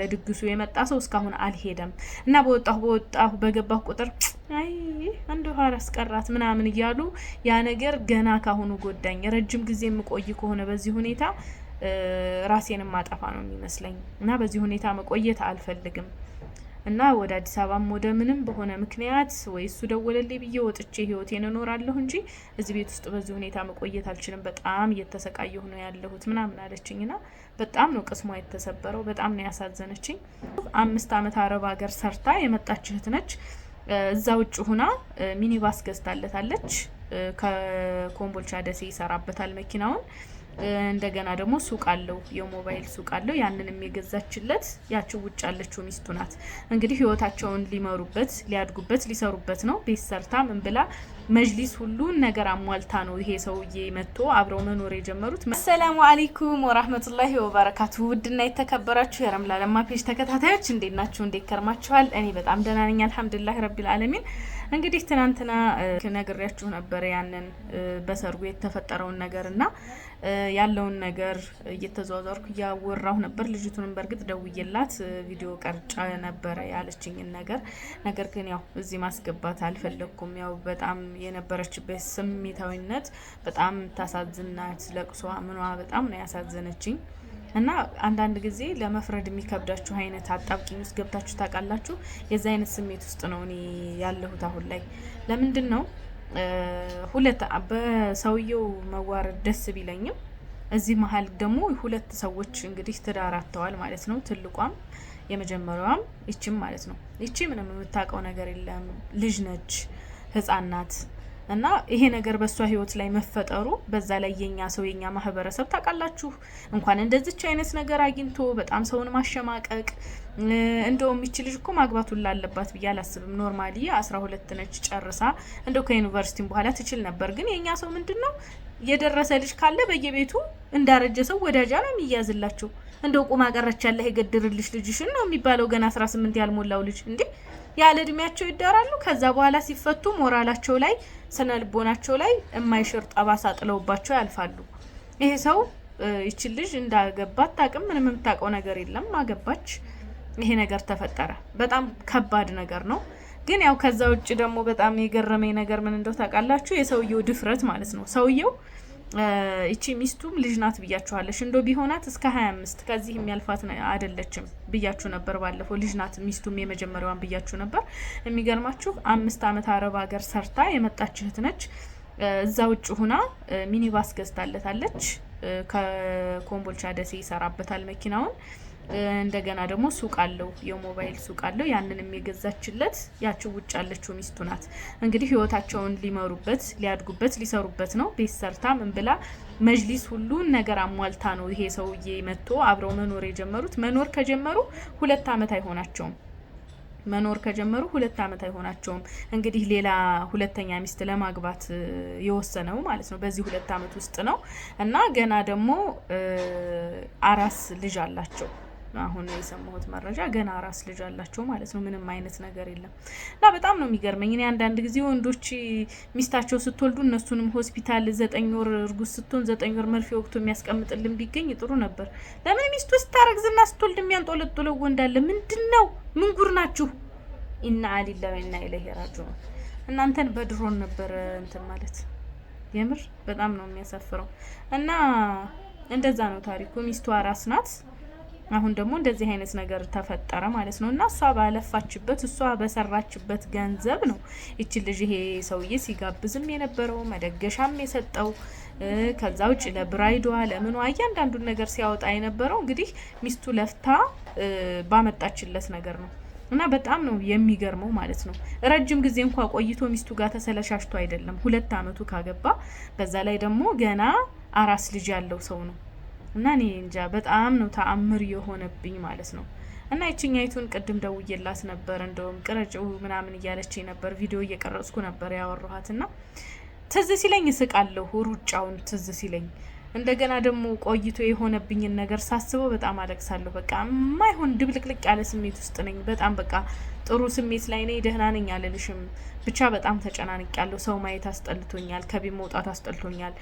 ለድግሱ የመጣ ሰው እስካሁን አልሄደም እና በወጣሁ በወጣሁ በገባሁ ቁጥር አይ አንድ ኋር አስቀራት ምናምን እያሉ ያ ነገር ገና ካሁኑ ጎዳኝ። ረጅም ጊዜ የምቆይ ከሆነ በዚህ ሁኔታ ራሴንም ማጠፋ ነው የሚመስለኝ እና በዚህ ሁኔታ መቆየት አልፈልግም። እና ወደ አዲስ አበባም ወደ ምንም በሆነ ምክንያት ወይ እሱ ደወለልኝ ብዬ ወጥቼ ህይወቴን እኖራለሁ እንጂ እዚህ ቤት ውስጥ በዚህ ሁኔታ መቆየት አልችልም፣ በጣም እየተሰቃየሁ ነው ያለሁት ምናምን አለችኝ። ና በጣም ነው ቅስሟ የተሰበረው። በጣም ነው ያሳዘነችኝ። አምስት አመት አረብ ሀገር ሰርታ የመጣች እህት ነች። እዛ ውጭ ሁና ሚኒባስ ገዝታለታለች። ከኮምቦልቻ ደሴ ይሰራበታል መኪናውን እንደገና ደግሞ ሱቅ አለው፣ የሞባይል ሱቅ አለው። ያንንም የገዛችለት ያችው ውጭ ያለችው ሚስቱ ናት። እንግዲህ ህይወታቸውን ሊመሩበት ሊያድጉበት ሊሰሩበት ነው። ቤት ሰርታ ምን ብላ መጅሊስ ሁሉን ነገር አሟልታ ነው ይሄ ሰውዬ መጥቶ አብረው መኖር የጀመሩት። አሰላሙ አሌይኩም ወራህመቱላሂ ወበረካቱ። ውድና የተከበራችሁ የረምላ ለማ ፔጅ ተከታታዮች እንዴት ናችሁ? እንዴት ከርማችኋል? እኔ በጣም ደህና ነኝ አልሐምዱሊላህ ረቢል አለሚን። እንግዲህ ትናንትና ነግሬያችሁ ነበር ያንን በሰርጉ የተፈጠረውን ነገር እና ያለውን ነገር እየተዘዋወርኩ እያወራሁ ነበር። ልጅቱንም በእርግጥ ደውዬላት ቪዲዮ ቀርጫ ነበረ ያለችኝን ነገር ነገር ግን ያው እዚህ ማስገባት አልፈለግኩም። ያው በጣም የነበረችበት ስሜታዊነት በጣም ታሳዝናት፣ ለቅሷ ምኗ በጣም ነው ያሳዘነችኝ። እና አንዳንድ ጊዜ ለመፍረድ የሚከብዳችሁ አይነት አጣብቂኝ ውስጥ ገብታችሁ ታውቃላችሁ? የዚ አይነት ስሜት ውስጥ ነው እኔ ያለሁት አሁን ላይ ለምንድን ነው ሁለት በሰውየው መዋረድ ደስ ቢለኝም እዚህ መሀል ደግሞ ሁለት ሰዎች እንግዲህ ትዳር አጥተዋል ማለት ነው። ትልቋም የመጀመሪያዋም ይችም ማለት ነው። ይቺ ምንም የምታውቀው ነገር የለም ልጅ ነች፣ ህፃን ናት። እና ይሄ ነገር በእሷ ህይወት ላይ መፈጠሩ በዛ ላይ የኛ ሰው የኛ ማህበረሰብ ታውቃላችሁ እንኳን እንደዚች አይነት ነገር አግኝቶ በጣም ሰውን ማሸማቀቅ እንደውም ይች ልጅ እኮ ማግባት ሁላ አለባት ብዬ አላስብም። ኖርማሊ አስራ ሁለት ነች ጨርሳ እንደ ከዩኒቨርሲቲም በኋላ ትችል ነበር። ግን የእኛ ሰው ምንድን ነው የደረሰ ልጅ ካለ በየቤቱ እንዳረጀ ሰው ወዳጃ ነው የሚያዝላቸው። እንደው ቁማ ቀረች ያለህ የገድርልሽ ልጅሽን ነው የሚባለው። ገና አስራ ስምንት ያልሞላው ልጅ እንዴ ያለ እድሜያቸው ይዳራሉ። ከዛ በኋላ ሲፈቱ ሞራላቸው ላይ ስነ ልቦናቸው ላይ የማይሽር ጠባሳ ጥለውባቸው ያልፋሉ። ይሄ ሰው ይችን ልጅ እንዳገባት ታቅም ምንም የምታውቀው ነገር የለም። አገባች ይሄ ነገር ተፈጠረ። በጣም ከባድ ነገር ነው። ግን ያው ከዛ ውጭ ደግሞ በጣም የገረመኝ ነገር ምን እንደው ታውቃላችሁ? የሰውየው ድፍረት ማለት ነው። ሰውየው እቺ ሚስቱም ልጅ ናት ብያችኋለሽ። እንዶ ቢሆናት እስከ ሀያ አምስት ከዚህ የሚያልፋት አይደለችም ብያችሁ ነበር ባለፈው። ልጅ ናት ሚስቱም የመጀመሪያዋን ብያችሁ ነበር። የሚገርማችሁ አምስት ዓመት አረብ ሀገር ሰርታ የመጣች እህት ነች። እዛ ውጭ ሁና ሚኒባስ ገዝታለታለች። ከኮምቦልቻ ደሴ ይሰራበታል መኪናውን እንደገና ደግሞ ሱቅ አለው፣ የሞባይል ሱቅ አለው። ያንንም የገዛችለት ያችው ውጭ ያለችው ሚስቱ ናት። እንግዲህ ህይወታቸውን ሊመሩበት ሊያድጉበት ሊሰሩበት ነው። ቤት ሰርታ ምን ብላ መጅሊስ ሁሉን ነገር አሟልታ ነው ይሄ ሰውዬ መጥቶ አብረው መኖር የጀመሩት። መኖር ከጀመሩ ሁለት ዓመት አይሆናቸውም። መኖር ከጀመሩ ሁለት ዓመት አይሆናቸውም። እንግዲህ ሌላ ሁለተኛ ሚስት ለማግባት የወሰነው ማለት ነው በዚህ ሁለት ዓመት ውስጥ ነው እና ገና ደግሞ አራስ ልጅ አላቸው አሁን የሰማሁት መረጃ ገና ራስ ልጅ አላቸው ማለት ነው። ምንም አይነት ነገር የለም እና በጣም ነው የሚገርመኝ። እኔ አንዳንድ ጊዜ ወንዶች ሚስታቸው ስትወልዱ እነሱንም ሆስፒታል ዘጠኝ ወር እርጉዝ ስትሆን ዘጠኝ ወር መርፌ ወቅቱ የሚያስቀምጥልን ቢገኝ ጥሩ ነበር። ለምን ሚስቱ ስታረግዝና ስትወልድ የሚያንጦለጡለው ወንዳለ ምንድን ነው? ምንጉር ናችሁ? ኢና ሊላሂ ወይና ኢለይሂ ራጂዑን። እናንተን በድሮን ነበረ እንትን ማለት የምር በጣም ነው የሚያሳፍረው። እና እንደዛ ነው ታሪኩ። ሚስቱ አራስ ናት። አሁን ደግሞ እንደዚህ አይነት ነገር ተፈጠረ ማለት ነው። እና እሷ ባለፋችበት እሷ በሰራችበት ገንዘብ ነው ይቺ ልጅ ይሄ ሰውዬ ሲጋብዝም የነበረው መደገሻም የሰጠው ከዛ ውጭ ለብራይዷ ለምኗ እያንዳንዱን ነገር ሲያወጣ የነበረው እንግዲህ ሚስቱ ለፍታ ባመጣችለት ነገር ነው። እና በጣም ነው የሚገርመው ማለት ነው። ረጅም ጊዜ እንኳ ቆይቶ ሚስቱ ጋር ተሰለሻሽቶ አይደለም፣ ሁለት አመቱ ካገባ በዛ ላይ ደግሞ ገና አራስ ልጅ ያለው ሰው ነው። እና እኔ እንጃ በጣም ነው ተአምር የሆነብኝ ማለት ነው። እና ይችኛይቱን ቅድም ደውዬላት ነበር፣ እንደውም ቅረጭው ምናምን እያለች ነበር። ቪዲዮ እየቀረጽኩ ነበር ያወራኋት እና ትዝ ሲለኝ እስቃለሁ፣ ሩጫውን ትዝ ሲለኝ እንደገና ደግሞ ቆይቶ የሆነብኝን ነገር ሳስበው በጣም አለቅሳለሁ። በቃ የማይሆን ድብልቅልቅ ያለ ስሜት ውስጥ ነኝ። በጣም በቃ ጥሩ ስሜት ላይ ነኝ፣ ደህና ነኝ አልልሽም። ብቻ በጣም ተጨናንቅ ያለው ሰው ማየት አስጠልቶኛል፣ ከቤት መውጣት አስጠልቶኛል።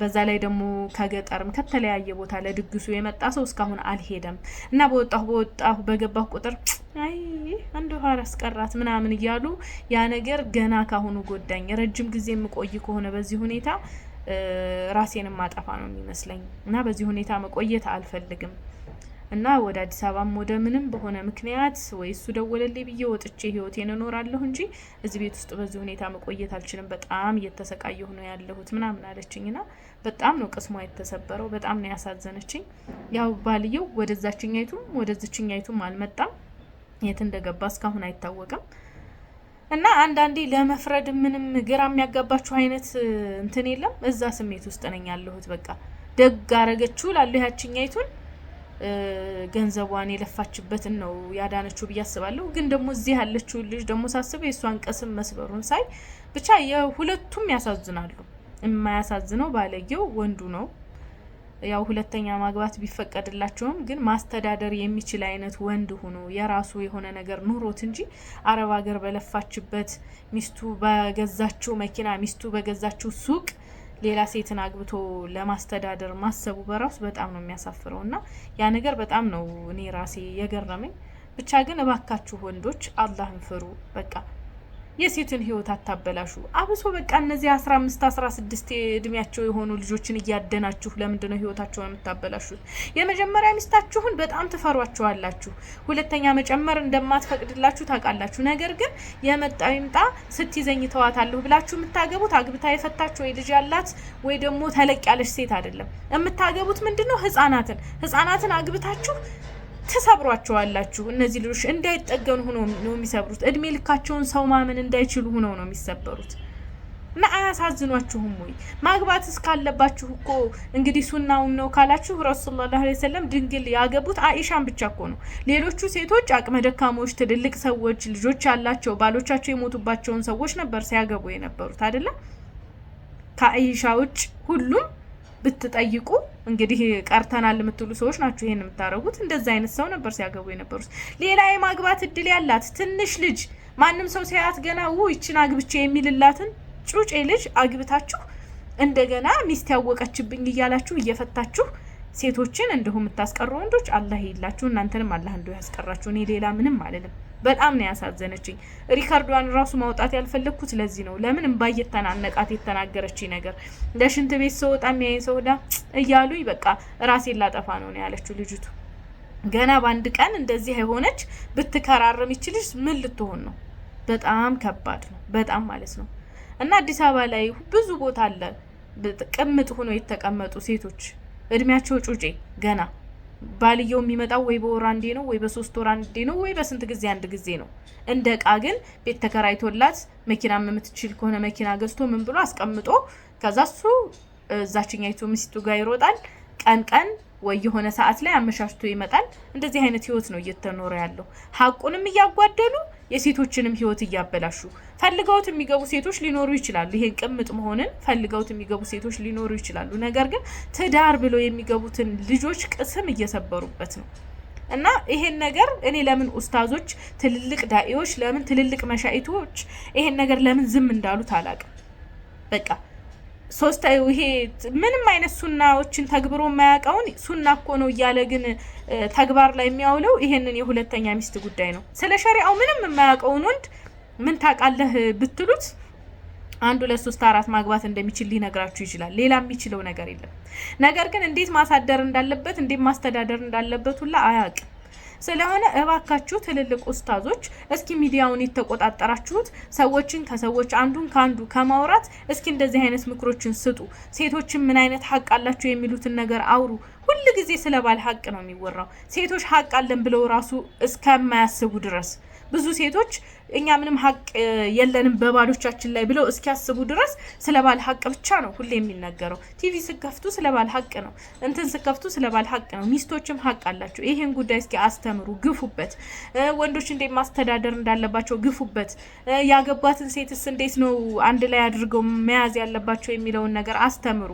በዛ ላይ ደግሞ ከገጠርም ከተለያየ ቦታ ለድግሱ የመጣ ሰው እስካሁን አልሄደም እና በወጣሁ በወጣሁ በገባሁ ቁጥር አይ አንድ ውሃ አስቀራት ምናምን እያሉ ያ ነገር ገና ካሁኑ ጎዳኝ። ረጅም ጊዜ የምቆይ ከሆነ በዚህ ሁኔታ ራሴንም ማጠፋ ነው የሚመስለኝ እና በዚህ ሁኔታ መቆየት አልፈልግም። እና ወደ አዲስ አበባም ወደ ምንም በሆነ ምክንያት ወይ እሱ ደወለልኝ ብዬ ወጥቼ ህይወቴን እኖራለሁ እንጂ እዚህ ቤት ውስጥ በዚህ ሁኔታ መቆየት አልችልም፣ በጣም እየተሰቃየሁ ነው ያለሁት ምናምን አለችኝ። ና በጣም ነው ቅስሟ የተሰበረው። በጣም ነው ያሳዘነችኝ። ያው ባልየው ወደዛችኛይቱም ወደዝችኛይቱም አልመጣም። የት እንደገባ እስካሁን አይታወቅም። እና አንዳንዴ ለመፍረድ ምንም ግራ የሚያጋባችሁ አይነት እንትን የለም። እዛ ስሜት ውስጥ ነኝ ያለሁት። በቃ ደግ አረገችው ላሉ ያችኛይቱን ገንዘቧን የለፋችበትን ነው ያዳነችው ብዬ አስባለሁ። ግን ደግሞ እዚህ ያለችው ልጅ ደግሞ ሳስበው የእሷን ቀስም መስበሩን ሳይ ብቻ የሁለቱም ያሳዝናሉ። የማያሳዝነው ባለጌው ወንዱ ነው። ያው ሁለተኛ ማግባት ቢፈቀድላቸውም ግን ማስተዳደር የሚችል አይነት ወንድ ሆኖ የራሱ የሆነ ነገር ኑሮት እንጂ አረብ ሀገር በለፋችበት ሚስቱ በገዛችው መኪና፣ ሚስቱ በገዛችው ሱቅ ሌላ ሴትን አግብቶ ለማስተዳደር ማሰቡ በራሱ በጣም ነው የሚያሳፍረው እና ያ ነገር በጣም ነው እኔ ራሴ የገረመኝ። ብቻ ግን እባካችሁ ወንዶች አላህን ፍሩ በቃ የሴትን ህይወት አታበላሹ። አብሶ በቃ እነዚህ አስራ አምስት አስራ ስድስት እድሜያቸው የሆኑ ልጆችን እያደናችሁ ለምንድን ነው ህይወታቸውን የምታበላሹት? የመጀመሪያ ሚስታችሁን በጣም ትፈሯቸዋላችሁ። ሁለተኛ መጨመር እንደማትፈቅድላችሁ ታውቃላችሁ። ነገር ግን የመጣ ይምጣ ስትይዘኝ ተዋታለሁ ብላችሁ የምታገቡት አግብታ የፈታችሁ ወይ ልጅ ያላት ወይ ደግሞ ተለቅ ያለች ሴት አይደለም። የምታገቡት ምንድነው ህጻናትን ህጻናትን አግብታችሁ ትሰብሯቸዋላችሁ። እነዚህ ልጆች እንዳይጠገኑ ሆነው ነው የሚሰብሩት። እድሜ ልካቸውን ሰው ማመን እንዳይችሉ ሆነው ነው የሚሰበሩት። እና አያሳዝኗችሁም ወይ? ማግባት እስካለባችሁ እኮ እንግዲህ ሱናውን ነው ካላችሁ ረሱ ሰለላሁ ዐለይሂ ወሰለም ድንግል ያገቡት አኢሻን ብቻ እኮ ነው። ሌሎቹ ሴቶች አቅመ ደካሞች፣ ትልልቅ ሰዎች፣ ልጆች ያላቸው ባሎቻቸው የሞቱባቸውን ሰዎች ነበር ሲያገቡ የነበሩት አይደለም። ከአኢሻ ውጭ ሁሉም ብትጠይቁ እንግዲህ ቀርተናል የምትሉ ሰዎች ናቸው ይሄን የምታደርጉት። እንደዛ አይነት ሰው ነበር ሲያገቡ የነበሩት። ሌላ የማግባት እድል ያላት ትንሽ ልጅ ማንም ሰው ሲያያት ገና ው ይችን አግብቼ የሚልላትን ጩጬ ልጅ አግብታችሁ እንደገና ሚስት ያወቀችብኝ እያላችሁ እየፈታችሁ ሴቶችን እንዲሁ የምታስቀሩ ወንዶች አላህ ይላችሁ፣ እናንተንም አላህ እንዲሁ ያስቀራችሁ። እኔ ሌላ ምንም አልልም። በጣም ነው ያሳዘነችኝ። ሪካርዷን ራሱ ማውጣት ያልፈለግኩት ለዚህ ነው። ለምን እምባ እየተናነቃት የተናገረችኝ ነገር ለሽንት ቤት የሚያይን ሰው ዳ እያሉኝ በቃ ራሴን ላጠፋ ነው ነው ያለችው ልጅቱ። ገና በአንድ ቀን እንደዚህ የሆነች ብትከራረም ይችልሽ ምን ልትሆን ነው? በጣም ከባድ ነው። በጣም ማለት ነው። እና አዲስ አበባ ላይ ብዙ ቦታ አለ ቅምጥ ሆኖ የተቀመጡ ሴቶች እድሜያቸው ጩጬ ገና ባልየው የሚመጣው ወይ በወር አንዴ ነው ወይ በሶስት ወር አንዴ ነው ወይ በስንት ጊዜ አንድ ጊዜ ነው። እንደ እቃ ግን ቤት ተከራይቶላት መኪና የምትችል ከሆነ መኪና ገዝቶ ምን ብሎ አስቀምጦ ከዛ እሱ እዛችኛይቱ ሚስቱ ጋር ይሮጣል። ቀን ቀን ወይ የሆነ ሰዓት ላይ አመሻሽቶ ይመጣል። እንደዚህ አይነት ህይወት ነው እየተኖረ ያለው ሀቁንም እያጓደሉ የሴቶችንም ህይወት እያበላሹ ፈልገውት የሚገቡ ሴቶች ሊኖሩ ይችላሉ። ይሄን ቅምጥ መሆንን ፈልገውት የሚገቡ ሴቶች ሊኖሩ ይችላሉ። ነገር ግን ትዳር ብሎ የሚገቡትን ልጆች ቅስም እየሰበሩበት ነው እና ይሄን ነገር እኔ ለምን ኡስታዞች፣ ትልልቅ ዳኢዎች፣ ለምን ትልልቅ መሻኢቶች ይሄን ነገር ለምን ዝም እንዳሉት አላቅም በቃ ሶስት ይሄ ምንም አይነት ሱናዎችን ተግብሮ የማያውቀውን ሱና እኮ ነው እያለ ግን ተግባር ላይ የሚያውለው ይሄንን የሁለተኛ ሚስት ጉዳይ ነው። ስለ ሸሪአው ምንም የማያውቀውን ወንድ ምን ታውቃለህ ብትሉት አንዱ ለሶስት ሶስት አራት ማግባት እንደሚችል ሊነግራችሁ ይችላል። ሌላ የሚችለው ነገር የለም። ነገር ግን እንዴት ማሳደር እንዳለበት እንዴት ማስተዳደር እንዳለበት ሁላ አያውቅም። ስለሆነ እባካችሁ ትልልቅ ኡስታዞች እስኪ ሚዲያውን የተቆጣጠራችሁት ሰዎችን ከሰዎች አንዱን ከአንዱ ከማውራት እስኪ እንደዚህ አይነት ምክሮችን ስጡ። ሴቶችን ምን አይነት ሀቅ አላቸው የሚሉትን ነገር አውሩ። ሁል ጊዜ ስለ ባል ሀቅ ነው የሚወራው። ሴቶች ሀቅ አለን ብለው ራሱ እስከማያስቡ ድረስ ብዙ ሴቶች እኛ ምንም ሀቅ የለንም በባሎቻችን ላይ ብለው እስኪያስቡ ድረስ ስለ ባል ሀቅ ብቻ ነው ሁሌ የሚነገረው። ቲቪ ስከፍቱ ስለ ባል ሀቅ ነው፣ እንትን ስከፍቱ ስለ ባል ሀቅ ነው። ሚስቶችም ሀቅ አላቸው። ይሄን ጉዳይ እስኪ አስተምሩ፣ ግፉበት። ወንዶች እንዴት ማስተዳደር እንዳለባቸው ግፉበት። ያገባትን ሴትስ እንዴት ነው አንድ ላይ አድርገው መያዝ ያለባቸው የሚለውን ነገር አስተምሩ።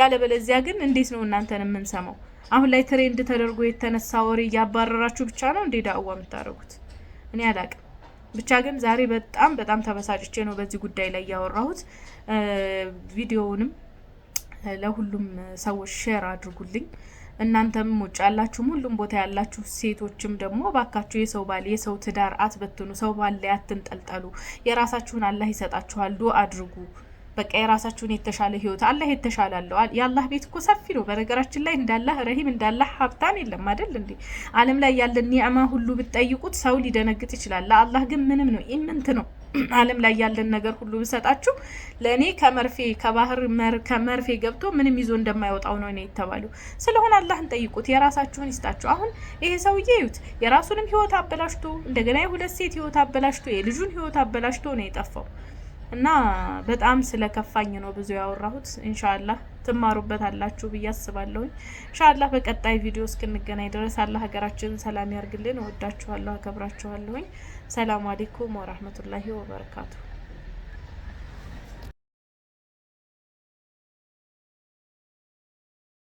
ያለበለዚያ ግን እንዴት ነው እናንተን የምንሰማው? አሁን ላይ ትሬንድ ተደርጎ የተነሳ ወሬ እያባረራችሁ ብቻ ነው እንዴ ዳእዋ የምታደርጉት? እኔ አላቅም። ብቻ ግን ዛሬ በጣም በጣም ተበሳጭቼ ነው በዚህ ጉዳይ ላይ ያወራሁት። ቪዲዮውንም ለሁሉም ሰዎች ሼር አድርጉልኝ። እናንተም ውጭ ያላችሁም ሁሉም ቦታ ያላችሁ ሴቶችም ደግሞ ባካችሁ የሰው ባል የሰው ትዳር አትበትኑ። ሰው ባል ላይ አትንጠልጠሉ። የራሳችሁን አላህ ይሰጣችኋል። ዱ አድርጉ። በቃ የራሳችሁን የተሻለ ህይወት አላህ የተሻለ አለው። የአላህ ቤት እኮ ሰፊ ነው። በነገራችን ላይ እንዳላህ ረሂም እንዳላህ ሀብታም የለም አይደል እንዴ? አለም ላይ ያለ ኒዕማ ሁሉ ብትጠይቁት ሰው ሊደነግጥ ይችላል። ለአላህ ግን ምንም ነው፣ ኢምንት ነው። አለም ላይ ያለን ነገር ሁሉ ብሰጣችሁ ለእኔ ከመርፌ ከባህር ከመርፌ ገብቶ ምንም ይዞ እንደማይወጣው ነው እኔ የተባለው። ስለሆነ አላህን ጠይቁት፣ የራሳችሁን ይስጣችሁ። አሁን ይሄ ሰውዬ ይዩት፣ የራሱንም ህይወት አበላሽቶ እንደገና የሁለት ሴት ህይወት አበላሽቶ የልጁን ህይወት አበላሽቶ ነው የጠፋው። እና በጣም ስለከፋኝ ነው ብዙ ያወራሁት። ኢንሻአላህ ትማሩበት አላችሁ ብዬ አስባለሁኝ። ኢንሻአላህ በቀጣይ ቪዲዮ እስክንገናኝ ድረስ አላህ ሀገራችንን ሰላም ያርግልን። ወዳችኋለሁ፣ አከብራችኋለሁኝ። ሰላም አሌይኩም ወራህመቱላሂ ወበረካቱ።